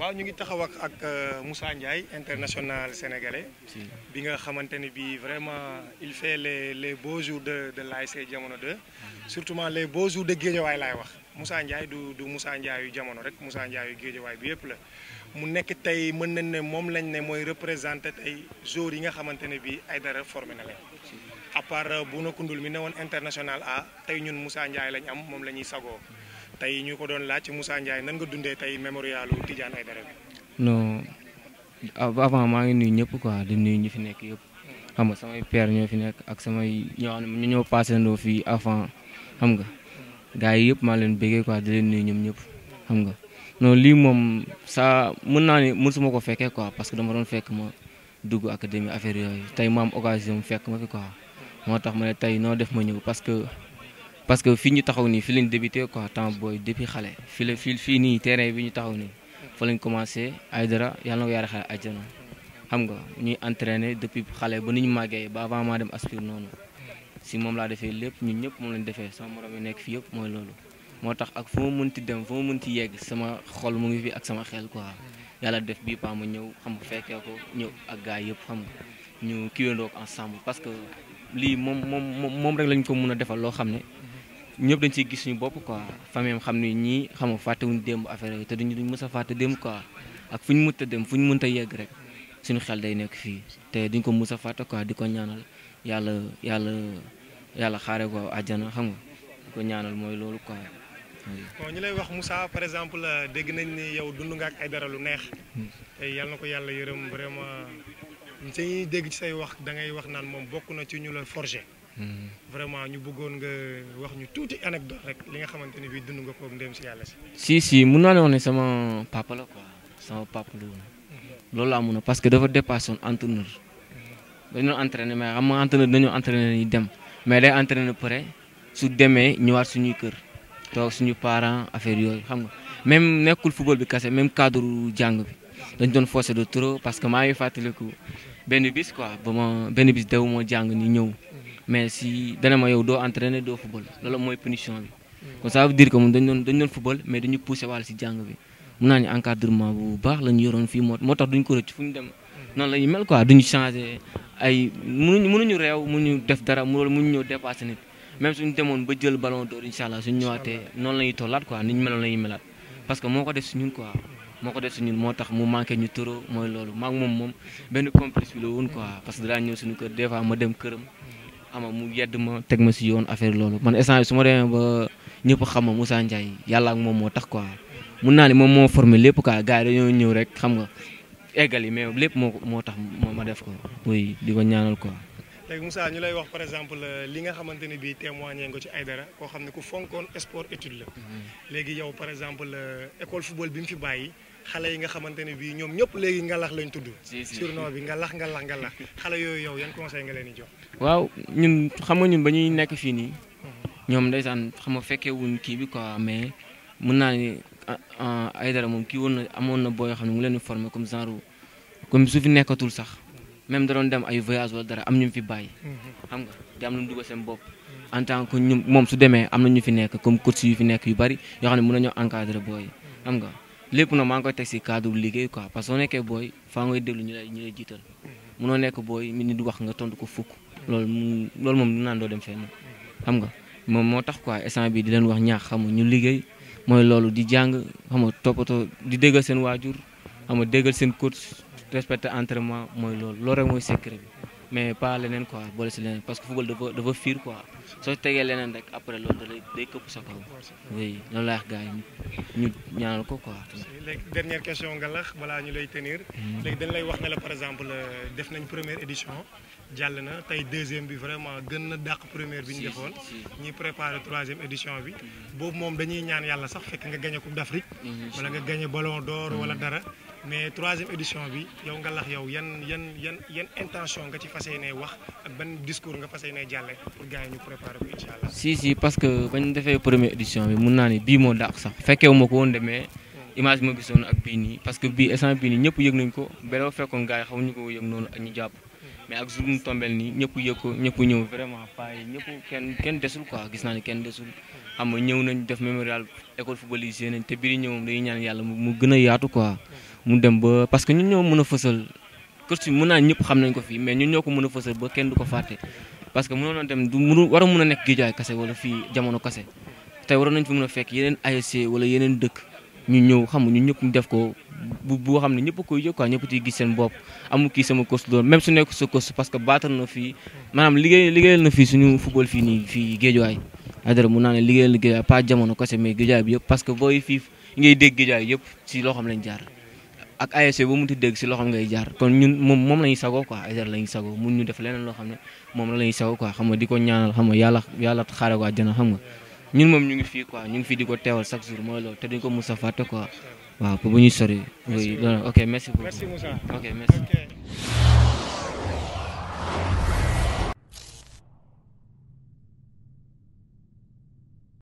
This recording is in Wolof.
waaw ñu ngi taxaw ak ak euh, Moussa Ndiaye international sénégalais. bi nga xamante ne bii vraiment il fait les les jour jours de de l'ASC jamono de surtoutment les beaux jour de géejawaay laay wax Moussa Ndiaye du du Moussa jamono rek Moussa Ndiaye yu géejawaay bi yëpp la. mu nekk tey mën nañ ne moom lañ ne mooy représenté tey jour yi nga xamante ne bii ay dara formé na leen. à part euh, Bouna Koundoul mi ne woon international A tey ñun Moussa Ndiaye lañ am moom la ñuy sagoo. tey ñu ko doon laaj ci Moussa Ndiaye nan nga dundee tey mémorialu Tidiane Aidara bi. non avant maa ngi nuyu ñëpp quoi di nuyu ñi fi nekk yëpp xam nga samay père ñoo fi nekk ak samay ñoo xam ne ñu ñoo passé ndoo fii avant xam nga gars yi yëpp maa leen bëggee quoi di leen nuyu ñoom ñëpp xam nga non lii moom saa mën naa ne mësuma ko fekkee quoi parce que dama doon fekk ma dugg académie affaire yooyu tey maam am occasion fekk ma fi quoi moo tax ma ne tey noo def ma ñëw parce que. parce que fii ñu taxaw nii fi lañ débuté quoi temps booy depuis xale fii fii nii bi ñu taxaw nii fa lañ commencé ay dara yàlla na ko yaara xale àjjana xam nga ñuy entraîné depuis xale ba ni ñu màggee ba maa dem aspire noonu si moom laa defee lépp ñun ñëpp moom lañ defee sama morom yi nekk fii yëpp mooy loolu moo tax ak fu ma mënti dem fu ma mënti yegg sama xol mu ngi fi ak sama xel quoi yàlla def bii paa ma ñëw xam nga fekkee ko ñëw ak gaay yëpp xam nga ñu kiwéndoog ensemble parce que lii moom moom moom rek lañ ko mun a defal loo xam ne ñëpp dañ ciy gis suñu bopp quoi famille am xam ne ñii xam nga fàttewuñ démb affaire yooyu te duñu duñ mës a fàtte démb quoi ak fu ñu mënta dem fu ñu mënta yegg rek suñu xel day nekk fii te duñ ko mës a fàtte quoi di ko ñaanal yàlla yàlla yàlla xaare ko àjjana xam nga di ko ñaanal mooy loolu quoi. ñu lay wax Moussa par exemple dégg nañ ni yow dund nga ak ay dara lu neex. Hmm. te yàlla na ko yàlla yërëm vraiment. dañuy dégg ci say wax da ngay wax naan moom bokk na ci ñu la forger. Hmm. vraiment ñu bëggoon nga wax ñu tuuti anecdote rek li nga xamante ni bii dund nga koog ndem si yàlla si. si si mun naa ne wax ne sama papa la quoi sama papa la mhm. loolu amu na parce que dafa dépassé woon entraîneur mhm. dañoo entraîné mais xam nga entraîneur dañoo entraîné ni dem mais day entraîné pare su demee ñëwaat suñuy kër toog suñu parents affaire yooyu xam nga même nekkul football bi kase même cadre jàng bi dañ doon forcé de trop parce que maa ngi fàttaliku benn bis quoi ba ma benn bis jàng ni ñëw mais si dana ma yow doo entraîner doo football loolu mooy punition bi. kon ça veut dire que moom dañu doon dañu doon football mais dañu poussé mun naa dem. noonu mu manqué ñu trop benn complice bi la woon quoi parce suñu kër des ma dem këram xam nga mu yedd ma teg ma si yoon affaire loolu man instant bi su ma demee ba ñëpp xam ma Moussa Ndiaye yàlla ak moom moo tax quoi mun naa ne moom moo formé lépp quoi gars yi dañoo ñëw rek xam nga eggal yi mais lépp moo moo tax ma def ko oui di ko ñaanal quoi. léegi Moussa ñu lay wax par exemple euh, li nga xamante ne bii témoigné nga ci Aïdara koo xam ne ku fonkoon sport étude la. Mhm. léegi yow par exemple euh, école football bi mu fi bàyyi. xale yi nga xamante ne bii ñoom ñëpp léegi ngalax lañ tudd. surnom bi ngalax ngalax ngalax xale yooyu yow yan conseil nga leen di jox. waaw ñun xam nga ñun ba ñuy nekk fii nii. Mhm. ñoom ndeysaan xam nga fekkee wuñ kii bi quoi mais mën naa ni ay ah, ah, dara moom kii woon na amoon na booy yoo xam ne mu leen di formé comme genre comme su fi nekkatul sax. Mhm. même daroon dem ay voyage wala dara am ñu fi bàyyi. Mhm. xam nga di am lu mu tant que ñun moom su demee am na ñu fi nekk comme coach yu fi nekk yu bari yoo xam ne mën nañoo encadré booy xam nga. lépp na maa ngi koy teg si cadre liggéey quoi parce que soo nekkee booy faa ngay déglu ñu lay jiital munoo nekk booy mi nit wax nga tontu ko fukk loolu loolu moom du naan doo dem fenn xam nga moom moo tax quoi instant bi di leen wax ñaax xam nga ñu liggéey mooy loolu di jàng xam nga toppatoo di déggal seen waajur xam nga déggal seen coach respecté entraînement mooy loolu loolu rek mooy secret bi mais pas leneen quoi boole si leneen parce que football dafa dafa fuir quoi soo tegee leneen rek après loolu da lay day këpp sa kaw. oui loolu laa wax gars yi ñu ñaanal ko quoi. dernière question nga lax balaa ñu lay tenir. Hmm. léegi dañ lay wax ne la par exemple euh, def nañ première édition jàll na tey deuxième bi vraiment gën na dàq première bi ñu defoon. ñuy préparé troisième édition bi. Hmm. boobu moom dañuy ñaan yàlla sax fekk nga gagné coupe d'Afrique. wala nga gagné ballon d'or wala hmm. dara. mais troisième édition bi yow nga lax yow yan intention nga ci fas yéenee wax ak ban discours nga fas yéenee jàlle pour gars yi ñu préparer ko incha si si parce que bañ defee première édition bi mun naa ni bii moo dàq sax fekkee ko woon demee image bi ma gisoon ak bii nii parce que bii instant bii nii ñëpp yëg nañ ko beloo fekkoon gars yi xamuñu ko yëg noonu ak ñu jàpp. mais ak jour mu tombeel nii ñëpp yëg ko ñëpp ñëw vraiment paa yi ñëpp kenn kenn desul quoi mu dem ba parce que ñun ñoo mën a fësal costume mën naa ñëpp xam nañ ko fii mais ñun ñoo ko mën a fësal ba kenn du ko fàtte parce que mënoon a ne ñëpp na fii maanaam liggéey liggéeyal fii nii fii Guédiawaye Aïdara mun naa ne liggéeyal na Guédiawaye pas jamono kase mais Guédiawaye bi yëpp parce que booy fii ngay dégg Guédiawaye yëpp si loo xam lañ jaar ak ASC bu mu ti dégg si loxoom ngay jaar kon ñun moom la ñuy sagoo quoi ASC la ñuy sagoo mun ñu def leneen loo xam ne moom la ñuy sagoo quoi xam nga di ko ñaanal xam nga yàlla yàlla xaare ñun moom ñu ngi fii ñu ngi fii teewal chaque jour mooy loolu te duñ ko mos a fàtte quoi waaw pour ok merci merci.